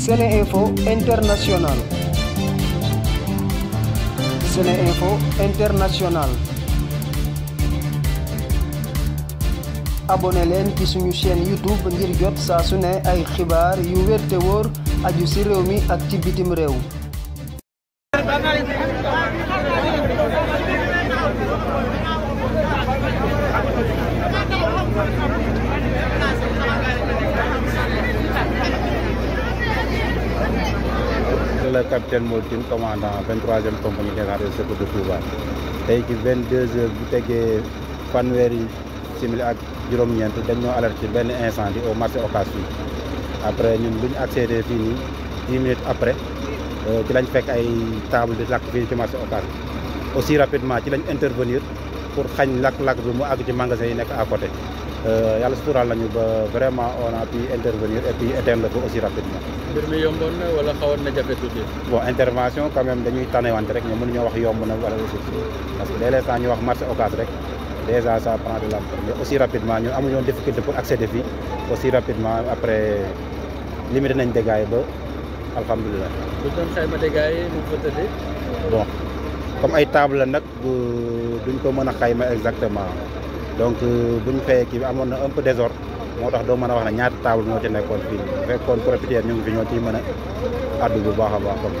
Sene Info International Sene Info leen ci suñu chaîne YouTube ngir jot saa su ne ay xibaar yu wér te wóor aju ci réew mi ak ci bitim réew le capitaine Mor Tine commandant 23e compagnie gendarmerie de secours de Touba tey ci 22h bu tegee fanweeri simili ak juróom-ñeent dañ ñoo alerté benn incendie au marché Ocass fii après ñun bu ñu accédé fii nii dix minutes après euh, ci lañ fekk ay table di lakk fii ci marché Ocass aussi rapidement ci lañ intervenir pour xañ lakk-lakk bi mu àgg ci magasin yi nekk à Euh, yàlla suturaal nañu ba vraiment on a pu intervenir et puis éteindre ko aussi rapidement. mbir mi yomboon na wala xawoon na jafe tuuti. bon intervention quand même dañuy tanewante rek mais mënuñoo wax yomb na wala aussi parce que léeg-léeg sax ñu wax marché occas rek déjà ça prend de l'ampleur mais aussi rapidement ñun amuñoon difficulté pour accéder fii aussi rapidement après limité nañ dégâts yi ba bu doon xayma dégâts yi mu tëddee. bon comme ay table la nag duñ ko mën a xayma exactement. donc euh, bu ñu fayee kii bi amoon na un peu désordre moo tax doo mën a wax na ñaata table moo ci nekkoon fii bu fekkoon propriétaire ñu ngi fi ñoo ciy mën a bu baax a baax comme.